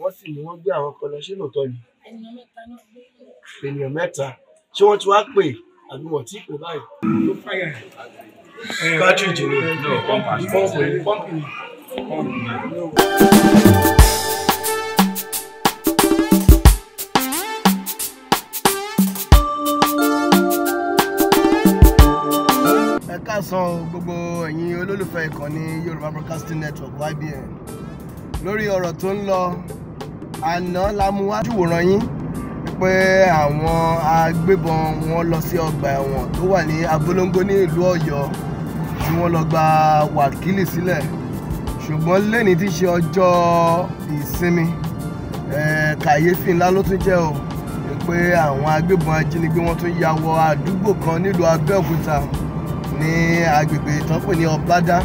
wọ́n sì ní wọ́n gbé àwọn kan lọ ṣé lóòótọ́ ni. ènìyàn mẹ́ta ṣé wọ́n ti wá pè àbí wọ́n ti pè báyìí. ló fàyà cartridge ni pọ́ǹpù ni pọ́ǹpù ni. gbogbo ẹ̀yin olólùfẹ́ ìkànnì Yorùbá Broadcasting Network YBN lórí ọ̀rọ̀ tó ń lọ àná la mú wájú wòran yín pé àwọn agbébọn wọn lọ sí ọgbà ẹ̀wọ̀n tó wà ní abolongo ní ìlú Ọ̀yọ́ tí wọ́n lọ gba wákìlì sílẹ̀ ṣùgbọ́n lẹ́ni tí í ṣe ọjọ́ ìsinmi kàyéfì ńlá ló tún jẹ́ o pé àwọn agbébọn ajínigbé wọ́n tún ya wọ àdúgbò kan nílùú Abẹ́òkúta ní agbègbè ìtọ́pẹ́ ní Ọbádá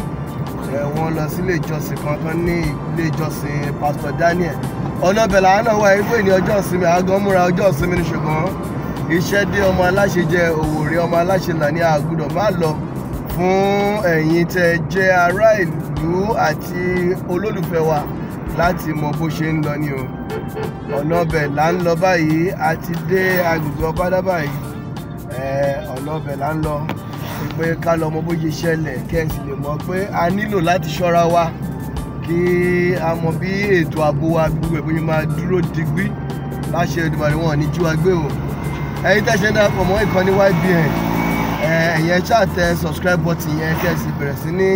wọ́n lọ sílé ìjọsìn kan tán ní ilé ìjọsìn Pastor Daniel ọ̀nà bẹ̀là àánà wà igbó ní ọjọ́ ìsinmi àgọ́ múra ọjọ́ ìsinmi ní ṣùgbọ́n iṣẹ́ dé ọmọ aláṣẹ jẹ òwòrè ọmọ aláṣẹ là ní àgùdọ̀ má lọ fún ẹ̀yin tẹ jẹ́ ará ìlú àti olólùfẹ́ wa láti mọ bó ṣe ń lọ ni o ọ̀nà ọbẹ̀ là ń lọ báyìí a ti dé agbègbè ọ̀pádà báyìí ọ̀nà ọbẹ̀ là ń lọ pé ká lọ mọ bó ṣe ṣẹlẹ̀ kẹ́ sì lè mọ pé a nílò láti ṣọ́ra wa kí a mọ bí ètò ààbò wa gbogbo ẹ̀ bóyá máa dúró digbí láṣẹ Èdùmàrè wọn ní jí wa gbé o ẹ̀yin tẹ́ ṣe ń darapọ̀ mọ́ ìkànnì YBN ẹ̀yin ẹ ṣáà tẹ subscribe button yẹn kẹ́ ẹ sì bẹ̀rẹ̀ sí ní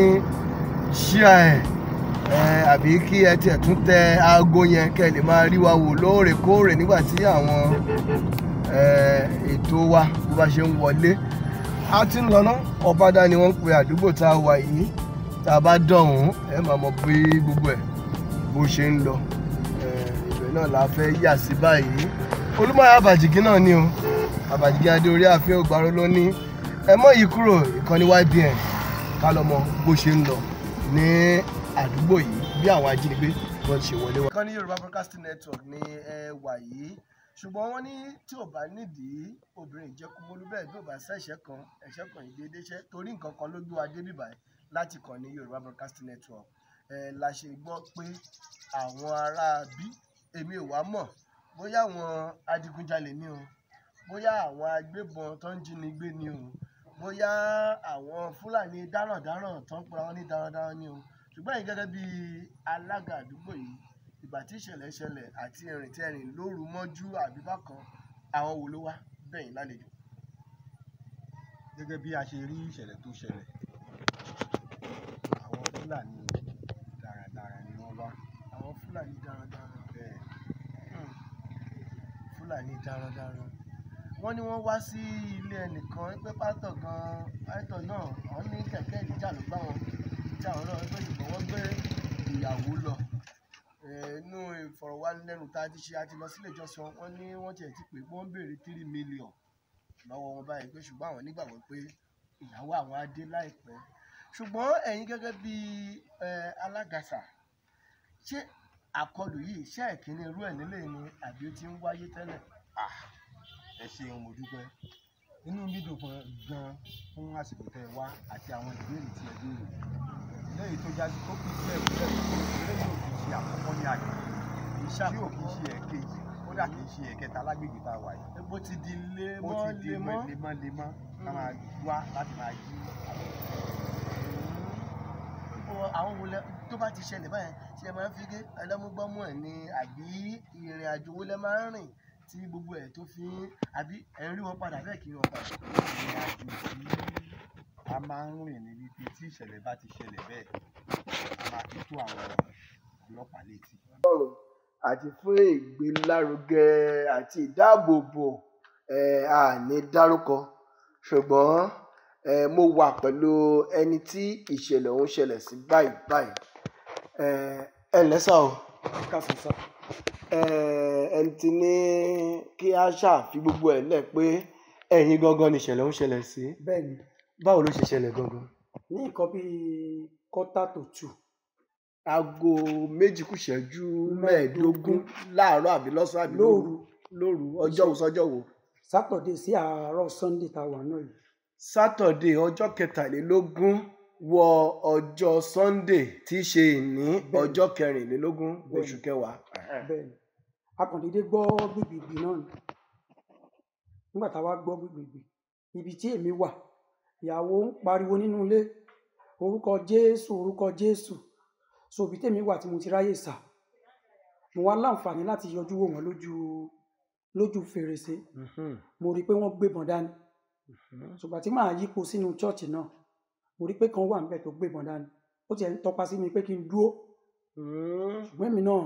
share ẹ̀ àbí kí ẹ tiẹ̀ tún tẹ aago yẹn kẹ́ ẹ lè máa rí wa wò lóòrèkóòrè nígbà tí àwọn ètò wa bó bá ṣe ń wọlé a ti ń lọ ná Ọbádá ni wọ́n ń pe àdúgbò tá a wà yìí tá a bá dọ̀hún ẹ máa mọ bí gbogbo ẹ̀ bó ṣe ń lọ ìbẹ̀ náà la fẹ́ yà sí báyìí olúmọ̀ọ́ àbàjìgí náà ni o àbàjìgí adé orí ààfin ló ní ẹ mọ́ yìí kúrò ìkànnì YBN ká lọ mọ bó ṣe ń lọ ní àdúgbò yìí bí àwọn ajínigbé wọ́n ṣe wọlé wá. ìkànnì Yorùbá Broadcasting Network ni ẹ wà yìí ṣùgbọ́n wọ́n ní tí ò bá nídìí obìnrin ìjẹkùmọ́lú bẹ́ẹ̀ bí ò bá sẹ́ẹ̀ṣẹ̀ kan ẹ̀ṣẹ̀ kan ìdédéṣẹ́ torí nǹkan kan ló gbé wa dé bíbáyìí láti kàn ní Yorùbá Broadcasting Network ẹ la ṣe gbọ́ pé àwọn ará bí èmi ò wá mọ̀ bóyá àwọn adigunjalè ni o bóyá àwọn agbébọn tó ń jínigbé ni o bóyá àwọn Fúlàní dáràndáràn tó ń pera wọn ní darandaran ni o ṣùgbọ́n ẹ̀yin gẹ́gẹ́ bí alága àdúgbò yìí ìgbà tí ìṣẹ̀lẹ̀ ṣẹlẹ̀ àti ẹ̀rìn tí ẹ̀rìn lóru mọ́jú àbí àwọn wo ló wá bẹ̀yìn lálejò. gẹ́gẹ́ bí a ṣe rí ìṣẹ̀lẹ̀ tó ṣẹlẹ̀ Fúlàní darandaran ni wọ́n wá. Àwọn Fúlàní darandaran. Bẹ́ẹ̀. Hmm. Fúlàní darandaran. Wọ́n ní wọ́n wá sí ilé ẹnìkan pé pásítọ̀ gan-an, pásítọ̀ náà, àwọn ní kẹ̀kẹ́ ìjà ló bá wọn jà wọn náà pé ṣùgbọ́n wọ́n gbé ìyàwó lọ. Inú ìfọ̀rọ̀wánilẹ́nu tá a ti ṣe, a ti lọ sílé ìjọsìn wọn ní wọ́n tiẹ̀ ti pè pé wọ́n béèrè three million lọ́wọ́ wọn báyìí pé ṣùgbọ́n àwọn nígbàgbọ́ pé ìyàwó àwọn á dé láìpẹ́ ṣùgbọ́n ẹ̀yin gẹ́gẹ́ bí alága ṣé àkọlù yìí ṣé ẹ̀kíní irú ẹ̀ nílé ni àbí ó ti ń wáyé tẹ́lẹ̀. ẹ ṣeun mo dúpẹ́ inú mi dùn gan fún àsìkò tẹ́ ẹ wá àti àwọn ìbéèrè tí ẹ béèrè lẹ́yìn tó jáde tó kù sí ẹ̀kú ẹ̀kú eré yóò ṣe àkọ́kọ́ ní àgbègbè tí ò kì í ṣe ẹ̀kejì kódà kì í ṣe ẹ̀kẹta lágbègbè tá a wà yìí. bó ti di lemọ́ lemọ́ bó ti di lemọ́ lemọ́ ká máa wá láti máa yí àwọn àwọn àwọn wọlé tó bá ti ṣẹlẹ̀ báyẹn ṣe é máa ń fi gé ẹ̀ ni àbí ìrìn àjò wọlé máa ń rìn tí gbogbo ẹ̀ tó fi ń àbí ẹ̀ ń rí wọn padà bẹ́ẹ̀ kí wọn padà. ìrìn àjò tí a máa ń rìn ní tí ìṣẹ̀lẹ̀ bá ti ṣẹlẹ̀ bẹ́ẹ̀ máa fi tó àwọn ọlọ́pàá létí. ọlọ́run àti fún ìgbélárugẹ àti ìdáàbòbò ẹ̀ àní dárúkọ ṣùgbọ́n eh, mo wà pẹ̀lú ẹni tí ìṣẹ̀lẹ̀ ọ̀hún ṣẹlẹ̀ sí báyìí báyìí ẹ ǹlẹ́ sà o káàsán sà ẹ ti ní kí a ṣàfi gbogbo ẹ̀ lẹ̀ pé ẹ̀yin gangan ni ìṣẹ̀lẹ̀ ọ̀hún ṣẹlẹ̀ sí bẹ́ẹ̀ni báwo ló ṣe ṣẹlẹ̀ gangan. ní nǹkan bíi kọ́tà tó tù aago méjì kù ṣẹ́jú mẹ́ẹ̀ẹ́dógún láàárọ̀ àbí lọ́sàn-án àbí lóru lóru ọjọ́ wo sọ́jọ́ wo. sátọ̀dé sí àárọ̀ sunday tá wà náà yìí sátọ̀dé ọjọ́ kẹtàlélógún wọ ọjọ́ sunday tí í ṣe ní ọjọ́ kẹrìnlélógún oṣù kẹwàá. bẹ́ẹ̀ni akọ̀ndédé gbọ́ gbìgbìgbì náà ni nígbà tá a wá gbọ́ gbìgbìgbì ibi tí èmi wà ìyàwó ń pariwo nínú ilé orúkọ jésù orúkọ jésù sobi tèmi wà tí mo ti ráyè sà mo wá láǹfààní láti yọjú wò wọ́n lójú lójú fèrèsé mhm. mo rí i pé wọ́n gbébọn dání Mhmm. ṣùgbọ́n tí màá yípo sínú chọ́ọ̀chì náà mo rí pé kan wà níbẹ̀ tó gbébọn dání ó tiẹ̀ ń tọpa sí mi pé kí n dúró mhmm. ṣùgbọ́n èmi náà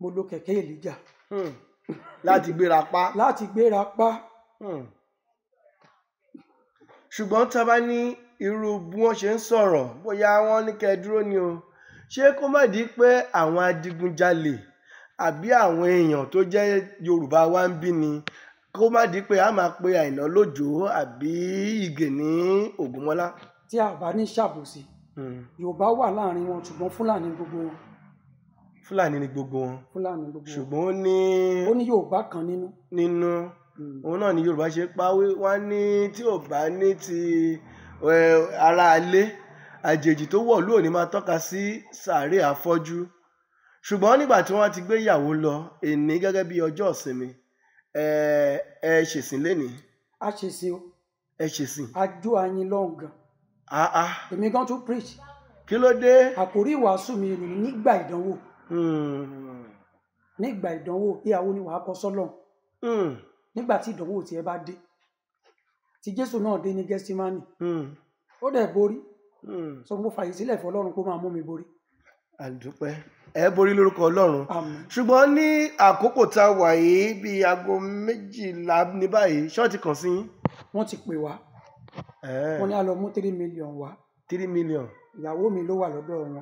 mo lo kẹ̀kẹ́ èlíjà. Hmm. láti gbéra pa. láti gbéra pa. Hmm. ṣùgbọ́n tá a bá ní irú bí wọ́n ṣe ń sọ̀rọ̀ bóyá wọ́n ní kẹ́ ẹ dúró ni o ṣé kó má di pé àwọn adigunjalè àbí àwọn èèyàn tó jẹ́ Yorùbá wa ń bí ni kó má di pé a máa pe àìná lójó àbí ìgè ní ògúnmọ́lá. tí a bá ní ṣàbòsí hmm. yorùbá wà láàrin wọn ṣùgbọ́n fúlàní gbogbo wọn. fúlàní ni gbogbo wọn. fúlàní gbogbo wọn ṣùgbọ́n ó ní. ó ní yorùbá kan nínú. nínú hmm. òun náà ni yorùbá ṣe pa wá ní tí ò bá ní ti ara alé àjèjì tó wọ̀ lóò ní máa tọ́ka sí sàárè àfọ́jú ṣùgbọ́n nígbà tí wọ́n ti gbé lọ èní gẹ́gẹ́ bí ọjọ́ ìsinmi ẹ ẹ ṣèsìn lénìí. a ṣèsìn o. ẹ ṣèsìn. a jó ayin lọ́hùn gan. ah ah. èmi gan tún preach. kí ló dé. àkórí ìwàásù mi ni nígbà ìdánwò. Hmm. nígbà ìdánwò ìyàwó ni wàá kọ sọ́lọ́hun. Hmm. nígbà tí ìdánwò tiẹ̀ bá dé tí jésù náà dé ní gẹ́símánì hmm. ó dẹ̀ borí so mo fàyè sílẹ̀ fọlọ́run kó máa mú mi borí àdúpẹ́ ẹ borí lórúkọ ọlọ́run ṣùgbọ́n ní àkókò tá a wà yìí bíi aago méjìlá ní báyìí ṣọ́ọ̀tì kan sí. wọ́n ti pè wá wọ́n ní a lọ mú three million wá. three million. ìyàwó mi ló wà lọ́dọ̀ wọn.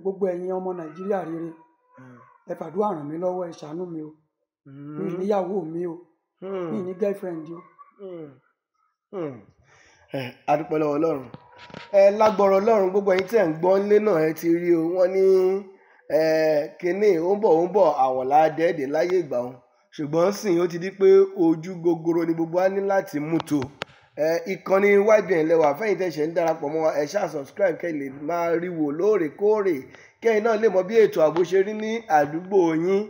gbogbo ẹ̀yin ọmọ nàìjíríà rere hmm. ẹ fàdúrà ràn mí lọ́wọ́ ẹ ṣàánú mi o hmm. mi níyàwó mi o mi hmm. ní girlfriend o. a dúpẹ́ lọ́wọ́ ọlọ́run ẹ lágbọ̀rọ̀ ọlọ́run gbogbo ẹ̀yin tí ẹ̀ ń gbọ́ nílé náà ẹ ti rí o wọ́n ní kínní ó ń bọ̀ ó ń bọ̀ àwọ̀lá dẹ́ẹ̀dẹ̀ láyé ìgbà wọn ṣùgbọ́n sìn ó ti di pé ojú gogoro ni gbogbo wa ní láti mú tó ìkànnì YBN lẹ́wà fẹ́yìn tẹ̀sẹ̀ ń darapọ̀ mọ́ ẹ ṣáà subscribe kẹ́ lè máa rí wò lóòrèkóòrè kẹ́yìn náà lè mọ bí ètò ààbò ṣe rí ní àdúgbò yín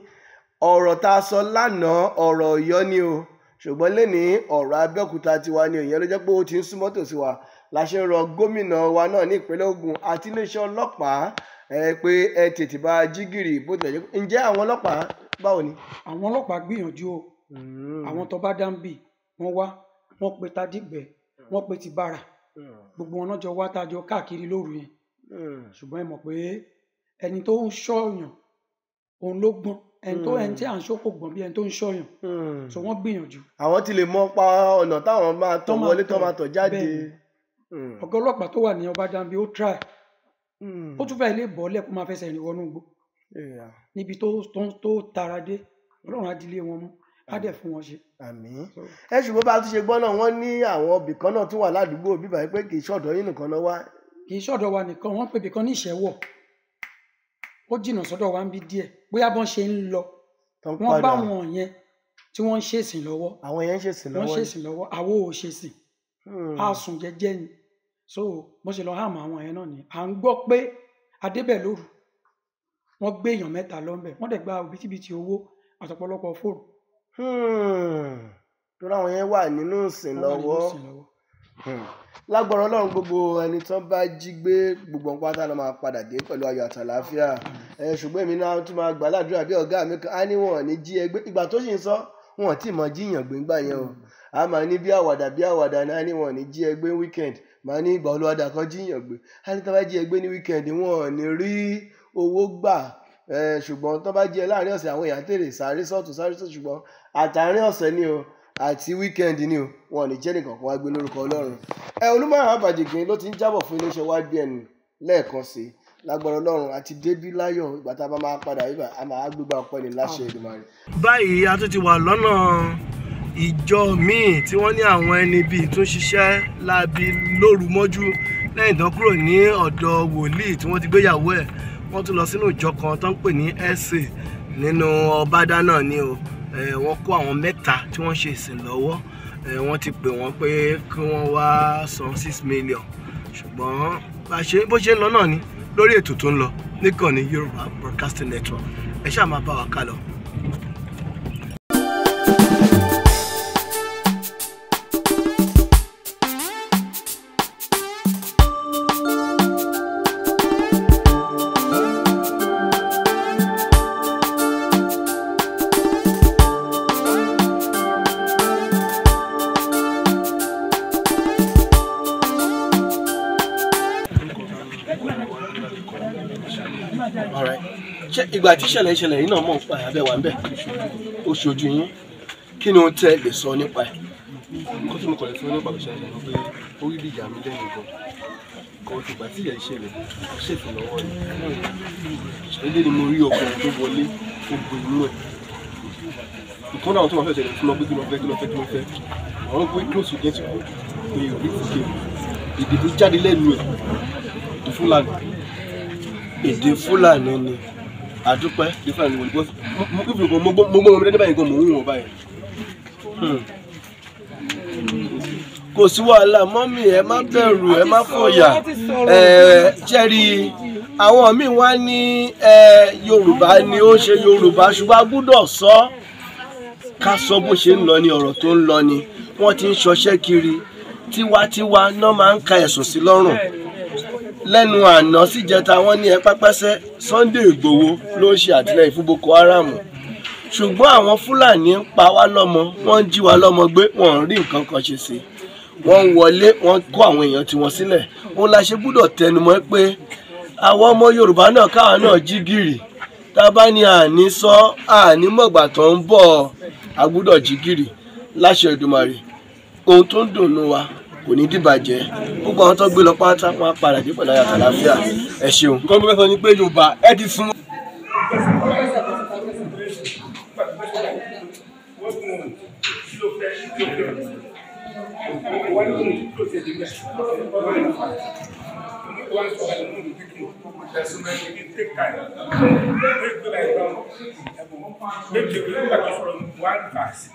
ọ̀rọ̀ tá a sọ lánàá ọ̀rọ̀ ọ̀yọ́ ni o ṣùgbọ́n lẹ́ni ọ̀rọ̀ abẹ́òkúta tiwa ni òyìn ló jẹ́ pé ó ti ń súnmọ́ tòsí wa la ṣe rọ gómìnà wa náà ní ìpínlẹ̀ Ògùn àti iléeṣẹ́ ọlọ́pàá ẹ pé ẹ tètè bá jígìrì bó tilẹ̀ jẹ́ pé ǹjẹ́ àwọn ọlọ́pàá báwo ni. àwọn ọlọ́pàá gbìyànjú o hmm. àwọn tó bá dáńbì wọ́n wá wọ́n pe tadígbẹ hmm. wọ́n pe ti bára hmm. gbogbo wọn náà jọ wá tájọ káàkiri lóru yẹn ṣùgbọ́n ẹ mọ̀ pé ẹni tó ń ṣọ̀yàn òun ló gbọ́n ẹni tó ẹni tí à ń ṣókò gbọ̀n bí ẹni tó ń ṣọ̀yàn so wọ́n gbìyànjú. àwọn ti lè mọ pa ọ̀nà táwọn máa tọ́ wọlé tó máa tọ̀ jáde. bẹ́ẹ̀ Hmm. ọ̀gá ọlọ́pàá tó wà ní ọba dambi ó try hmm. ó tún fẹ́ ilé bọ́ọ̀lẹ̀ kó máa fẹsẹ̀ rìn wọnú gbó níbi tó tara dé ọlọ́run á dilé wọn mú á dẹ̀ fún wọn ṣe. àmín ẹ ṣùgbọ́n bá a tún ṣe gbọ́ náà wọ́n ní àwọn ibìkan náà tún wà ládùúgbò bíbá pé kì í ṣọ̀dọ̀ yín nìkan náà wá. kì í ṣọ̀dọ̀ wa nìkan wọ́n pè bìkan ní ìṣẹ́wọ̀ ó jìnnà sọ́dọ̀ wa ń bí díẹ̀ bóyá bọ́n ṣe ń lọ wọ́n bá wọn yẹn tí wọ́n ń ṣèsìn lọ́wọ́ àwọn yẹn ń ṣèsìn lọ́wọ́ àwọn ò ṣèsìn hmm. a sùn jẹ́jẹ́ ni so bó ṣe lọ hàmù àwọn yẹn náà ni à ń gbọ́ pé adébẹ̀ lóru wọ́n gbé èèyàn mẹ́ta lọ́nbẹ̀ wọ́n dẹ̀ gba òbítíbitì owó àtọ̀pọ̀lọpọ̀ fóònù. Hmm, tó láwọn yẹn wà nínú ìsìn lọ́wọ́ hmm, lágbára ọlọ́run gbogbo ẹni tán bá jí gbé gbogbo nǹkan pátá ló máa padà dé pẹ̀lú ayọ̀ àtàlàáfíà ẹ ṣùgbọ́n èmi náà tún máa gbà ládùúrà bí ọ̀gá mi kan á ní wọn ò ní jí ẹgbẹ́ ìgbà tó sì ń sọ wọn ò mọ jíyàn gbéńgbà yẹn o a máa ní bí àwàdà bí àwàdà náà ní wọn ní jí ẹgbẹ́ weekend màá ní ìgbà olúwadà kan jíyàn gbé á ní tó bá jí ẹgbẹ́ ní wíkẹ́ndì wọn ò ní rí owó gbà ṣùgbọ́n tó bá jí ẹ láàrin ọ̀sẹ̀ àwọn èèyàn tèrè sáré sọ́ọ̀tún sáré sọ́ọ̀tún ṣùgbọ́n àtàrin ọ̀sẹ̀ ni o àti wíkẹ́ndì ni o wọn ò ní jẹ́ nìkan kan wá gbé lórúkọ ọlọ́run ẹ olúmọ̀ràn àbàjìgbìn ló ti ń jábọ̀ fún iléeṣẹ́ YBN lẹ́ẹ̀kan sí lágbára ọlọ́run àti débí láyọ̀ ìgbà tá a bá máa padà yíba a máa gbégbá ọpẹ́ ní láṣẹ Èdùmàrè. báyìí a tún ti wà lọ́nà ìjọ míì tí wọ́n ní àwọn ẹni bíi tún ṣiṣẹ́ láabi lóru mọ́jú lẹ́yìn tán kúrò ní ọ̀dọ̀ wòlíì tí wọ́n ti gbéyàwó ẹ̀ wọ́n tún lọ sínú ìjọ kan tó ń pè ní ẹ̀sì nínú ọ̀bádá náà ni o wọ́n kó àwọn mẹ́ta tí wọ́n ṣe ìsìn lọ́wọ́ wọ́n ti pè wọ́n pé kí wọ́n wá san six million ṣùgbọ́n bó ṣe ń lọ náà ni lórí ètò tó ń lọ níkànnì Yorùbá Broadcasting Network ẹ ṣáà máa bá wa ká lọ. ìgbà tí ìṣẹ̀lẹ̀ ìṣẹ̀lẹ̀ yìí náà mọ̀ nípa ẹ̀ abẹ́wà ńbẹ̀ ó ṣojú yín kí ni ó tẹ́ lè sọ nípa ẹ̀. kó tí mo kọ̀ lè fún nípa ìṣẹ̀lẹ̀ ìṣẹ̀lẹ̀ pé ó rí bí ìyá mi lẹ́nu gan kò tìgbà tí ìyá ìṣẹ̀lẹ̀ ṣètò lọ́wọ́ rẹ̀ ilé ni mo rí ọkùnrin tó wọlé gbogbo inú ẹ̀ nǹkan náà tó máa fẹ́ ṣẹlẹ̀ fún lọ pé kí lọ fẹ́ kí lọ fẹ́ kí lọ fẹ́ àdúpẹ́ ìfẹ́ ìwé ìbò ìfìlùkọ mo gbóhùn mi dẹ́ni báyìí gan mò ń wọ̀ báyìí. kò sí wàhálà mọ́mì ẹ má bẹ̀rù ẹ má fòyà ẹ jẹ́rí àwọn míì wá ní yorùbá ni ó ṣe yorùbá ṣùgbọ́n a gbúdọ̀ sọ ká sọ bó ṣe ń lọ ni ọ̀rọ̀ tó ń lọ ni wọ́n ti ń ṣọṣẹ́ kiri tiwantiwa náà máa ń ka ẹ̀sùn sí lọ́rùn lẹ́nu àná síjẹta wọ́n ní ẹ pápásẹ́ Sunday Ìgbòho ló ń ṣe àtìlẹ́yìn fún Boko Haram ṣùgbọ́n àwọn Fúlàní ń pa wá lọ́mọ wọ́n ń jí wa lọ́mọ gbé wọn ò rí nǹkan kan ṣe sí wọ́n ń wọlé wọ́n kó àwọn èèyàn tiwọn sílẹ̀ òun la ṣe gbúdọ̀ tẹnumọ́ pé àwọn ọmọ Yorùbá náà káwọn náà jí gìrì tá a bá ní àní sọ àní mọ̀gbà tó ń bọ̀ àgbúdọ̀ jí gìrì láṣẹ Èdùmàrè ohun tó ń dùnnú wa kò ní dìbàjẹ́ gbogbo àwọn tó gbé lọ pátá wọn á padà dé pẹ̀lú ayọ̀ àtàlàfíà ẹ ṣeun. nǹkan sọ ni pé yorùbá ẹ ti sún. Make the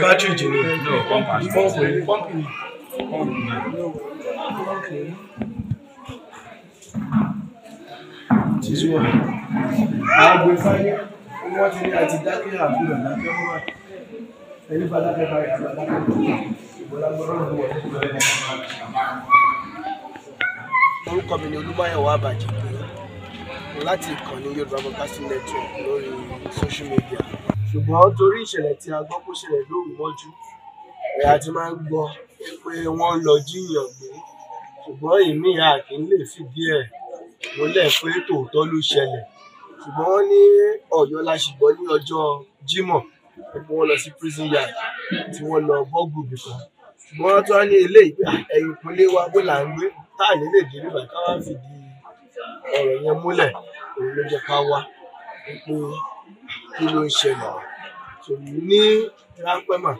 cartridge ni pọ́ǹpù ni pọ́ǹpù ni. Jésù wa, àgbo ìfáyé, wọ́n ti ní àti dákẹ́ àbúrò dákẹ́ mọ́ra. Ẹni bá dákẹ́ bá yàrá dákẹ́ mọ́ra. Ìbọ̀lá gbọ́dọ̀ ló wọ̀ nínú ẹ̀rọ. Orúkọ mi ni Olúmáyọ̀wá Àbàjì láti ìkànnì Yorùbá Broadcasting Network lórí social media ṣùgbọ́n torí ìṣẹ̀lẹ̀ tí a gbọ́ pé ṣẹlẹ̀ lóru mọ́jú ẹ̀ a ti máa ń gbọ́ pé wọ́n lọ jíyàn gbé ṣùgbọ́n èmi àkì ń lè fìdí ẹ̀ múlẹ̀ pé tòótọ́ ló ṣẹlẹ̀ ṣùgbọ́n wọ́n ní Ọ̀yọ́ la ṣùgbọ́n ní ọjọ́ Jímọ̀ gbogbo wọn lọ sí prison yard tí wọ́n lọ bọ́ọ̀gù nìkan ṣùgbọ́n wọ́n tún á ní ilé ìgbà ah, ẹ̀yìn ìpínlẹ̀ wa bó là ń gbé táàní lè dé nígbà táwọn fìdí ọ̀rọ̀ yẹn múlẹ̀ òun ló jẹ́ ká wá pé kí ló ń ṣẹlẹ̀ tó ní ráńpẹ́ mà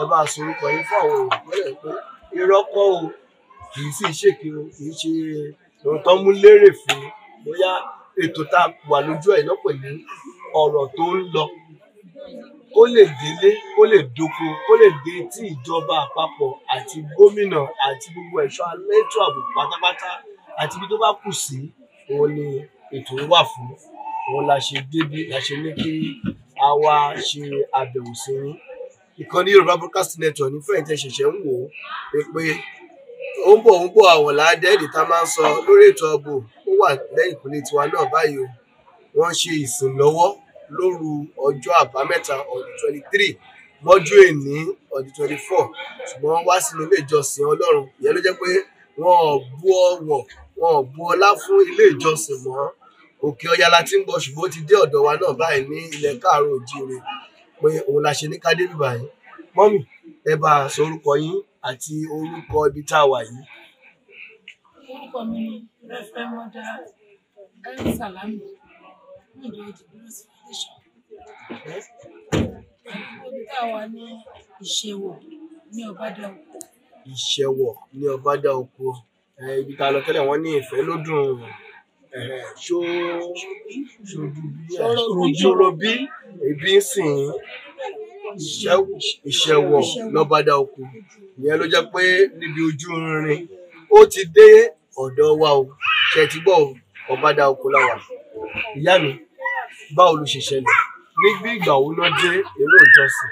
ẹ bá sọ yín fún àwọn olùkọ́lẹ̀ pé irọ́ o kì í sì ṣèké kì í ṣe ohun mú lérè fún bóyá ètò tá a wà lójú ẹ̀ lọ́pọ̀ ní ọ̀rọ̀ tó ń lọ kó lè délé kó lè doko kó lè dé tí ìjọba àpapọ̀ àti gómìnà àti gbogbo ẹ̀ṣọ́ elétò ààbò pátápátá àti ibi tó bá kù sí òun ni ètò wà fún òun la ṣe débi la ṣe ní kí a wá ṣe àbẹ̀wò sí yín ìkànnì Yorùbá Broadcasting Network ní fẹ̀yìntì ṣẹ̀ṣẹ̀ ń wò ó pé ó ń bọ̀ ó ń bọ̀ àwọ̀lá dẹ́ẹ̀dì tá a máa ń sọ lórí ètò ọ̀bọ̀ ó wà lẹ́yìn ìpínlẹ̀ tiwa náà báyìí o wọ́n ṣe ìsìn lọ́wọ́ lóru ọjọ́ àbámẹ́ta ọdún twenty three mọ́jú èní ọdún twenty four ṣùgbọ́n wọ́n wá sínú ilé ìjọsìn Ọlọ́run ìyẹn ló jẹ́ pé wọ́n ò bu ọ̀wọ̀ wọ́n ò ọlá fún ilé ìjọsìn mọ́ òkè ọya la ti ń bọ̀ ṣùgbọ́n ó ti dé ọ̀dọ̀ wa náà báyìí ní ilẹ̀ káàárọ̀ òjíire pé òun la ṣe ní ká débi báyìí mọ́mì ẹ bá a sọ orúkọ yín àti orúkọ ibi tá a wà yìí. orúkọ mi ni rẹfẹmọdà el salami nílùú ìdìbòròsì foundation ibi tá a wà ní ìṣèwọ ní ọbádàwọ. ìṣèwọ ní ọbádàwọ ibi tá a lọ tẹ́lẹ̀ wọ́n ní ìfẹ́ ló ṣòrobí ebi ń sìn ìṣẹ̀wọ̀ lọ́bàdà òkú ìyẹn ló jẹ́ pé níbi ojú irin ó ti dé ọ̀dọ̀ wa o ṣètìbọ̀ ọ̀bàdà òkú làwà ìyá mi báwo ló ṣe ṣẹlẹ̀ nígbà ìgbà wo ló dé èrò ìjọsìn.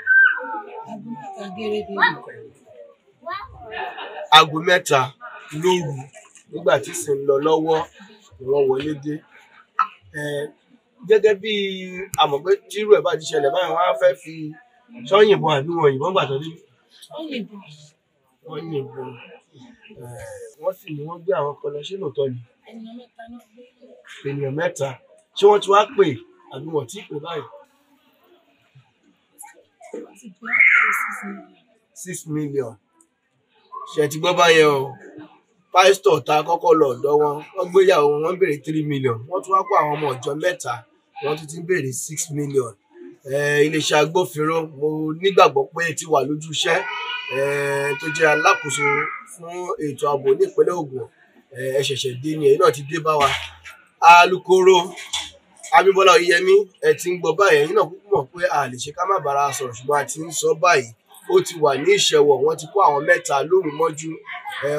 aago mẹ́ta lóru nígbà tí sì ń lọ lọ́wọ́ ìwọ́n wọlé dé gẹ́gẹ́ bí àmọ̀pé tírú ẹ̀ bá ti ṣẹlẹ̀ báyìí wọ́n á fẹ́ fi sọ́yìnbọn àbí wọn yìnbọn gbà tó débi. sọ́yìnbọn. wọ́n yìnbọn wọ́n sì ní wọ́n gbé àwọn kan lọ ṣé lóòótọ́ ni. ènìyàn mẹ́ta ṣé wọ́n ti wá pè àbí wọ́n ti pè báyìí. six million ṣe ti gbọ́ báyẹn o pásítọ̀ tá a kọ́kọ́ lọ ọ̀dọ̀ wọn wọ́n gbéyàwó wọn béèrè three million wọ́n tún wá kó àwọn ọmọ ọ̀jọ́ mẹ́ta wọ́n tún ti béèrè six million iléeṣẹ́ agbófinró mo nígbàgbọ́ pé ti wà lójú iṣẹ́ tó jẹ́ alákòóso fún ètò ààbò ní ìpínlẹ̀ Ògùn ẹ ṣẹ̀ṣẹ̀ dé ni èyí náà ti dé bá wa alukoro Abímbọ́lá Oyèyẹmí ẹ ti ń gbọ́ báyìí ẹ̀yin náà kúkú mọ̀ pé a lè ṣe ká má bára sọ̀rọ̀ ṣùgbọ́n a ti ń sọ báyìí ó ti wà ní ìṣẹ̀wọ̀ wọ́n ti kó àwọn mẹ́ta lóru mọ́jú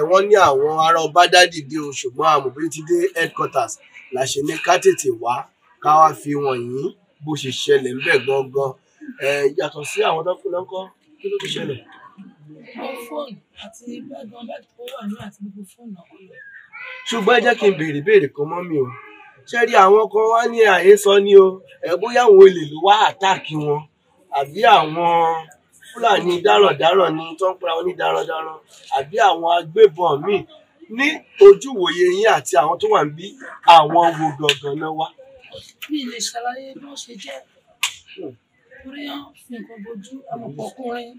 wọ́n ní àwọn ará ọba dádìde o ṣùgbọ́n àmọ̀bí ti dé headquarters la ṣe ní ká tètè wá ká wá fi wọ̀nyí bó ṣe ṣẹlẹ̀ ń bẹ̀ gangan yàtọ̀ sí àwọn tó kú lọ́kọ́ kí ló ti ṣẹlẹ̀. mo fóònù àti bẹ́ẹ̀gàn bẹ́ẹ̀ ṣùgbọ́n ẹ jẹ́ kí n béèrè béèrè kan mọ́ mi o ṣé rí àwọn kan wá ní àhesọ ni o ẹ̀ bóyá àwọn olè ló wá àtáàkì wọn àbí àwọn fúlàní dáràndáràn ni tó ń pera wọn ní dáràndáràn àbí àwọn agbébọn míì ní ojúwòye yín àti àwọn tó wà ń bí àwọn wo gangan náà wá. mi lè ṣàlàyé bí wọ́n ṣe jẹ́ torí wọ́n fi nǹkan bojú amọ̀pọ̀kùnrin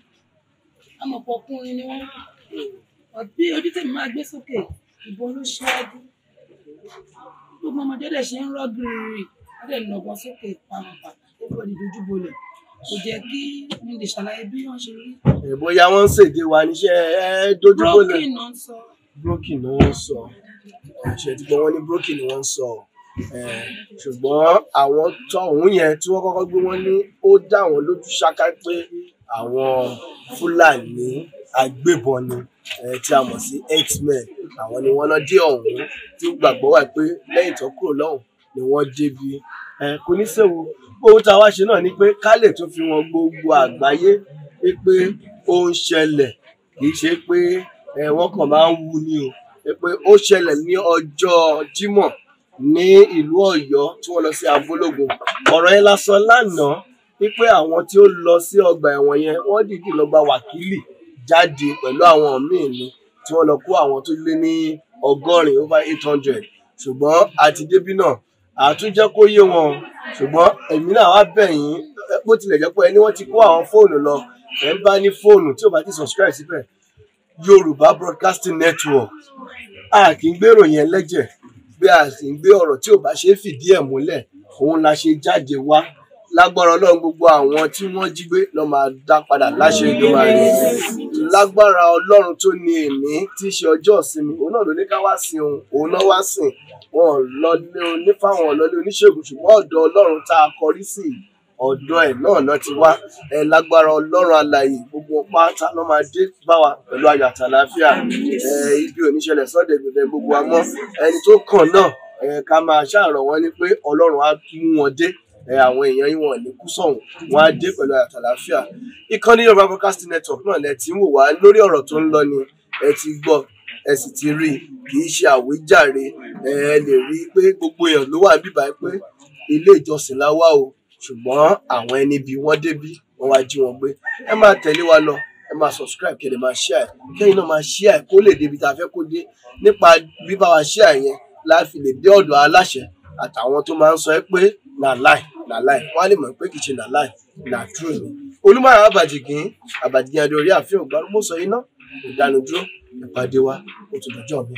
amọ̀pọ̀kùnrin ni wọ́n bí ojú tèmi máa gbé sókè ìbọn ló ṣáájú gbogbo ọmọdé dẹ̀ ṣe ń rọ́ gírí rẹ̀ dẹ̀ nàbọ̀ sókè pàmò ó gbọ́dọ̀ dojú kò jẹ́ kí n lè ṣàlàyé bí wọ́n ṣe rí. bóyá wọ́n ń ṣèdè wa níṣẹ́ ẹ dojúbọ̀lẹ̀. brokin ló ń sọ. brokin ló ń sọ ṣe ti gbọ́ wọ́n ní brokin ni wọ́n ń sọ ṣùgbọ́n àwọn tọ̀hún yẹn tí wọ́n kọ́kọ́ gbé wọ́n ní ó dá àwọn lójú ṣáká pé àwọn fúlàní agbébọn ni tí a mọ̀ sí x-men àwọn ni wọ́n lọ dé ọ̀hún tí gbàgbọ́ wà pé lẹ́yìn tó kúrò lọ́hùn ni wọ́n jẹ̀bi kò ní sẹ́wọ̀n ohun tá a wá ṣe náà ni pé ká lè tún fi wọn gbogbo àgbáyé pé ó ń ṣẹlẹ̀ kì í ṣe pé wọ́n kàn máa ń wú ni o pé ó ṣẹlẹ̀ ní ọjọ́ Jímọ̀ ní ìlú Ọ̀yọ́ tí wọ́n lọ sí Abolongo ọ̀rọ̀ yẹn la sọ lánàá wípé àwọn tí ó lọ sí ọgbà ẹ̀wọ̀n yẹn wọ́n dìídì lọ gba wákìlì jáde pẹ̀lú àwọn míì ni tí wọ́n lọ kó àwọn tó lé ní ọgọ́rin over eight hundred ṣùgbọ́n àti débí náà àtúnjẹ́ kó yé wọn ṣùgbọ́n èmi náà wá bẹ̀ yín bó tilẹ̀ jẹ́ pé ẹni wọ́n ti kó àwọn fóònù lọ ẹ̀ ń bá ní fóònù tí ò bá ti subscribe síbẹ̀ Yorùbá Broadcasting Network a kì í gbèrò yẹn lẹ́jẹ̀ bí a sì ń gbé ọ̀rọ̀ tí ò bá ṣe é fìdí ẹ̀ múlẹ̀ òun la ṣe jáde wá lágbára Ọlọ́run gbogbo àwọn tí wọ́n jí gbé ló máa dá padà láṣẹ Èdùmàrè lágbára ọlọ́run tó ní èmi tí í ṣe ọjọ́ ìsinmi òun náà ló ní ká wá sin òun òun náà wá sìn wọn lọlé onífàwọn ọlọlé oníṣègùn ṣùgbọ́n ọ̀dọ̀ ọlọ́run tá a kọrí sí ọ̀dọ̀ ẹ̀ náà lọ ti wá ẹ lágbára ọlọ́run alààyè gbogbo pátá ló máa dé bá wa pẹ̀lú ayọ̀ àtàlàáfíà ẹ ibi oníṣẹ̀lẹ̀ sọdẹ gbẹgbẹ gbogbo wa mọ ẹni tó kàn náà ẹ ká máa ṣàrọ wọn ni pé ọlọ́run á mú wọn dé àwọn èèyàn yìí wọn ní kú sọ̀hún wọn á dé pẹ̀lú àyàtọ̀ àlàáfíà ìkànnì Yorùbá Broadcasting Network náà lẹ ti ń wò wá lórí ọ̀rọ̀ tó ń lọ ni ẹ ti gbọ́ ẹ sì ti rí kì í ṣe àwíjàre ẹ lè rí i pé gbogbo èèyàn ló wà bíbá pé ilé ìjọsìn la wà o ṣùgbọ́n àwọn ẹni bí wọ́n débi wọ́n wá jí wọn gbé ẹ máa tẹ̀lé wa lọ ẹ máa subscribe kí ẹ lè máa share kẹ́yìn náà máa share kó lè débi tá a fẹ́ kó dé nípa bíbá wa share yẹn la fi lè dé ọ̀dọ̀ aláṣẹ àtàwọn tó máa ń sọ ẹ pé nà láì làláì wọn á lè mọ̀ pé kì í ṣe làláì làdúró ni olùmọ̀ràn àbàjìgín àbàjìgín adé orí àfihàn ògbárùmọ̀sọ iná ìdánudúró ìpàdé wa ó ti dọjọ́ mi.